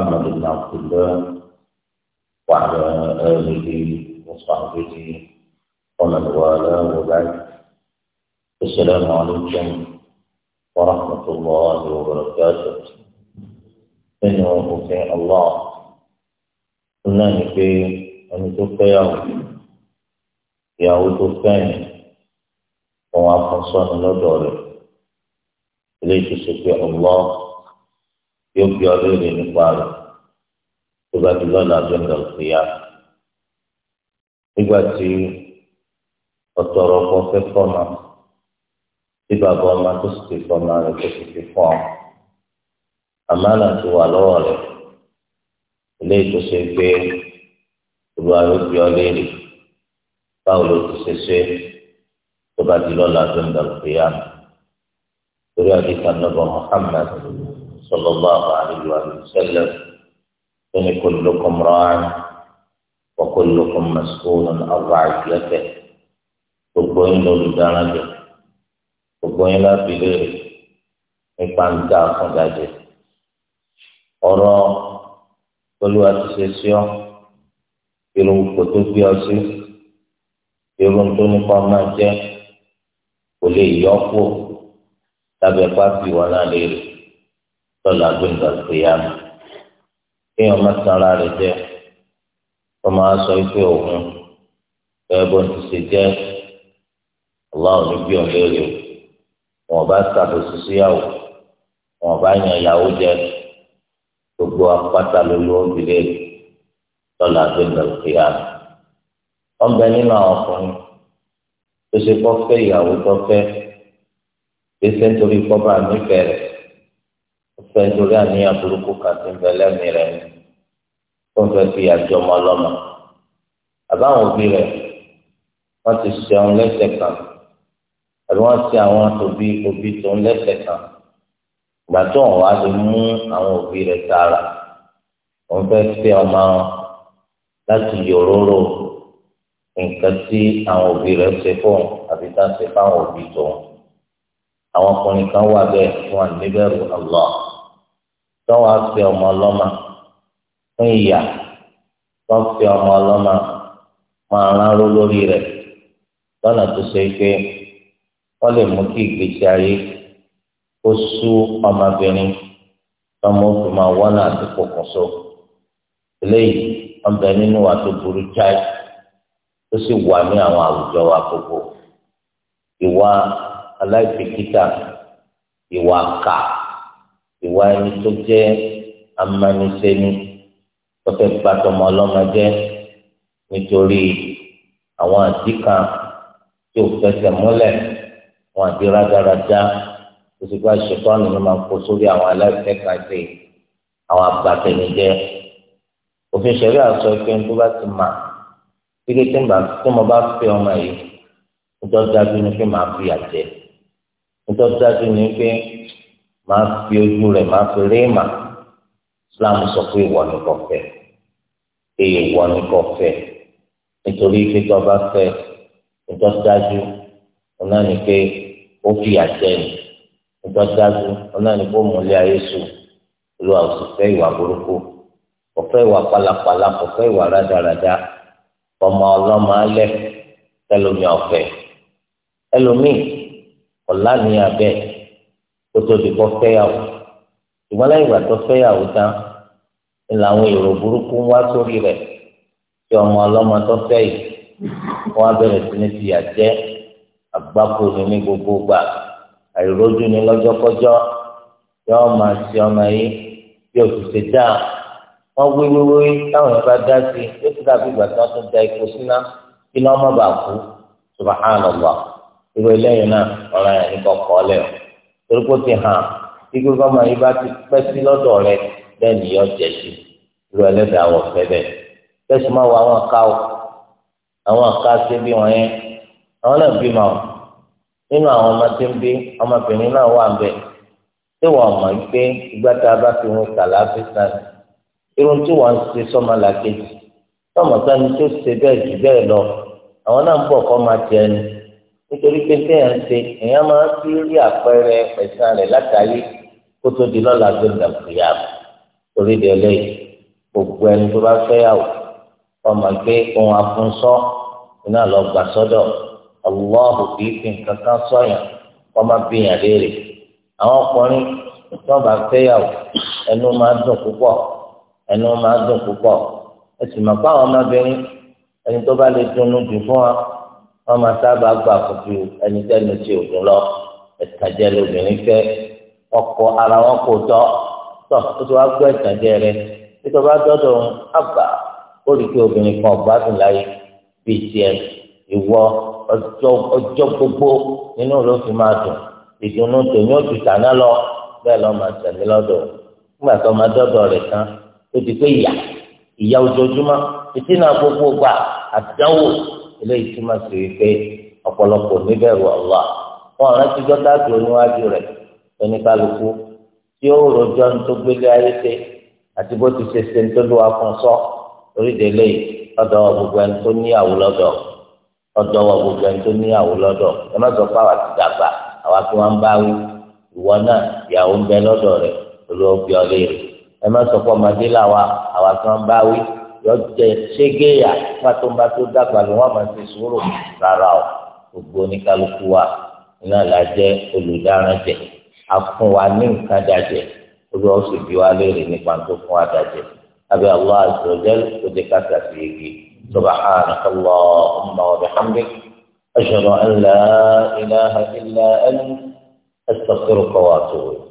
محمد بن عبد الله وعلى آله وصحبه ومن والاه وبعد السلام عليكم ورحمة الله وبركاته إنه وفق الله قلنا في أن توفى يا وتفين وعفوا صلى الله عليه وسلم ليش الله yóò fi ọdún rẹ̀ nípa rẹ̀ tó bá ti lọ́nà àjọyọ̀ ìyá. nígbà tí ọ̀tọ̀rọ̀ ọkọ fẹ́ fọ́mà tí bàbá ọmọ tó sì ti fọ́mà rẹ̀ tó sì ti fọ́ àmàlà ti wà lọ́wọ́ rẹ̀ ilé ìtòsí gbé olúwa ló fi ọ léèrè báwo ló ti ṣe ṣe tó bá ti lọ́nà àjọyọ̀ ìyá. torí àdìsá nàbọ̀ Muhammad. صلى الله عليه وآله وسلم إن كلكم راع وكلكم مسؤول عن رعيته gbogbo yín lolùdáná jẹ gbogbo yín láti léèrè nípa ń dá àkàndàjẹ ọ̀rọ̀ olúwa ti ṣe sí ọ irun kò tó gbé ọ sí irun tó nípa máa jẹ kò lè yọ kú tàbí ẹ̀pá fi wọn náà léèrè lọ́la gbẹ̀ngà kéyàmù kéèyàn má tan ara rẹ̀ jẹ́ kó máa sọ pé òun bẹ́ẹ̀ bó ti ṣe jẹ́ ọláwọ̀ ní bí ọ̀lẹ́ rẹ̀ wọn bá ṣàbòsí síyàwó wọn bá yan ìyàwó jẹ gbogbo apáta lólu obìnrin lọ́la gbẹ̀ngà kéyàmù wọ́n bẹ nínú àwọn ọkùnrin tó ṣe kọ́ fẹ́ ìyàwó tó fẹ́ gbèsè nítorí kọ́ bá mi rẹ̀ sẹ́ńtórí àníyàn burúkú kan ti ń bẹ lẹ́mí rẹ̀ tó ń fẹ́ fi àjọ ọmọ lọ́mọ. àbáwọn òbí rẹ̀ wọ́n ti ṣe àwọn lẹ́sẹ̀ kan àbí wọ́n ti àwọn òbí òbí tó ń lẹ́sẹ̀ kan ìgbà tó ń wá lè mú àwọn òbí rẹ̀ tààrà wọ́n fẹ́ fẹ́ ọmọ wọn láti yòróró nǹkan tí àwọn òbí rẹ̀ ṣe fún àbí tá a ṣe fáwọn òbí tó àwọn ọkùnrin kan wà bẹ́ẹ̀ fún àníbẹ̀rù Allah. tọwọ fi ọmọ ọlọmọ fún ìyá fi ọmọ ọlọmọ máa ránró lórí rẹ lọnà tó ṣe pé wọn lè mú kí ìgbésí ayé kó sú ọmọbìnrin tọmọ òfin máa wọnà àti kòkòso eléyìí wọn bẹ nínú wa tó burú jáì tó sì wà ní àwọn àwùjọ wa gbogbo ìwà ẹni tó jẹ́ amánisẹ́ni tó fẹ́ gba tọmọ ọlọ́mọ jẹ́ nítorí àwọn àdìkà tí ò fẹsẹ̀ múlẹ̀ wọn àti rádaràdá tó ti gba ṣètọ́nù ló máa ń kó sórí àwọn aláìsẹ́ kan sí àwọn àgbàtẹnijẹ́ òfin ṣẹ̀rí àṣọ ìpín tó bá ti mà kíkẹ́ tí mo bá fẹ́ ọmọ yìí nítorí dájú ni pé màá fi àjẹ́ nítorí dájú ni pé máa fi ojú rẹ̀ máa fi réèmà Islam sọ pé ìwọ ni kò fẹ́ èèwọ̀ ni kò fẹ́ nítorí pé tó bá fẹ́ nítorí dájú ọ̀nà ni pé ó fi àjẹ́ ni nítorí dájú ọ̀nà ni kó mọ̀lẹ́ ayé sùn olú àwọn òṣìṣẹ́ ìwà burúkú kò fẹ́ ìwà pálapàla kò fẹ́ ìwà rádaràda ọmọ ọlọ́mọ alẹ́ ẹlòmíì ẹlòmíì ọ̀la ni abẹ́ẹ̀ kó tó di kọ́ fẹ́yàwó ṣùgbọ́n lẹ́yìn ìgbà tó fẹ́yàwó tán ni làwọn èrò burúkú ń wá sórí rẹ̀ tí ọmọ ọlọ́mọ tó fẹ́ yìí wọ́n á bẹ̀rẹ̀ sí ní ti àjẹ́ àgbákò ní ní gbogbo gbà àìrójú ní lọ́jọ́kọ́jọ́ yọ́ọ́ máa ṣe ọmọ yìí bí òtún ṣe dáa wọ́n wí wíwí táwọn yẹn bá dá sí i yóò ti dàbí ìgbà tí wọ́n tún da epo síná kí ni wọ́n má bàa kú subahánàlá irú eléyìí náà ọ̀rọ̀ yẹn ní kọ́kọ́ lẹ́yìn torí kó ti hàn kíkó kọ́mọ yìí bá ti pẹ́ sí lọ́dọ̀ rẹ bẹ́ẹ̀ ni yọ jẹ sí irú ẹlẹ́dàá wọ̀ fẹ́ bẹ́ẹ̀ fẹ́sì máa wọ àwọn àká o àwọn àká ṣe bí wọn yẹn àwọn náà bí ma o nínú àwọn ọmọ tí ń bí ọmọbìnrin náà wà ń bẹ tí wọn mọ̀ pé ìgbà tá a bá fi wọn kà láfíìsà irun tí wọn ń ṣe sọmọ làkejì tọmọ sani tó ṣe bẹ́ẹ̀ jù bẹ́ẹ̀ lọ àwọn náà ń bọ̀ kọ́ máa jẹ ẹni nítorí pé téèyàn ṣe èèyàn máa fi rí àpẹẹrẹ ẹ̀sán rẹ̀ látàrí kó tó di lọ́la tó ń dàgbìyà torí di ẹlẹ́yìn gbogbo ẹni tó bá fẹ́yàwó ọmọ gbé ohun afúnṣọ́ iná lọ gbà sọ́dọ̀ ọlọ́hùn kì í fi nǹkan kan sọ̀yàn ọmọ bíyàn léèrè àwọn ọkùnrin tó bá fẹ́yàwó ẹnu máa dùn púpọ̀ ẹnu máa dùn púpọ̀ ẹ sì mọ̀ pé àwọn ọmọbìnrin ẹni tó bá lè dunnú jù fún wa wọn máa sábà gbà kojú ẹnikẹ́ni tí ò dùn lọ ẹ̀tàjẹ lóbìnrin fẹ́ ọkọ ara wọn kò tọ́ tọ́ ó ti wá gbọ́ ẹ̀tàjẹ rẹ nítorí bá dọ́dọ̀ àgbà ó rí i pé obìnrin kan ọ̀gbádùn láyé bíi tiẹ̀ ìwọ ọjọ́ gbogbo nínú ló fi máa dùn ìdùnnú tòun ó ti tàná lọ bẹ́ẹ̀ lọ́ máa tẹ̀lé lọ́dọ̀ nígbà tó máa dọ́dọ̀ rẹ̀ tán ó ti pé ìyà ìyà ojoojúmọ́ ìtìnà gbogbo gbà àdánwò eléyìí túmọ̀ sí wípé ọ̀pọ̀lọpọ̀ níbẹ̀rù Allah wọn rántí jọ́dá dùn níwájú rẹ̀ oníkálukú tí ó rojọ́ ní tó gbélé ayé ṣe àti bó ti ṣe ṣe ní tó lówà fún sọ orílẹ̀ eléyìí ọ̀dọ̀ gbogbo ẹni tó níyàwó lọ́dọ̀ ọ̀dọ̀ gbogbo ẹni tó níyàwó lọ́dọ̀ ẹ má sọ fáwọn àti dàgbà àwa tí wọ́n bá wí ìwọ náà ìyàwó ń bẹ lọ́dọ̀ rẹ̀ olóògbé ọ̀lẹ́ rẹ̀ ẹ má sọ fọ́ ọmọdé làwa àwa tí wọ́n bá wí lọ́jọ́ ṣégeyà pàtó ń bá tó dàgbà ló wọ́n máa ṣe sùúrù rárá o gbogbo oníkálukú wa iná la jẹ́ olùdáran jẹ afún wa ní nǹkan dàjẹ́ olúwa ó sì bí wa léèrè nípa tó fún wa dàjẹ́ abẹ́ allah azọjẹ́lì ó jẹ́ ká sàfi igi subhanaka allahumma wa bihamdik ashhadu an la ilaha illa anta astaghfiruka wa atubu ilayk.